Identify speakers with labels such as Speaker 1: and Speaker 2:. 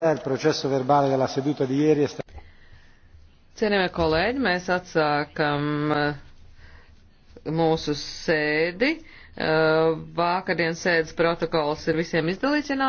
Speaker 1: Il processo verbale della seduta di ieri è stato.
Speaker 2: Cienījamie kolēģi, mēs atsākam uh, mūsu sēdi. Uh, vakardienas sēdes protokols ir visiem izdalīts, ja nav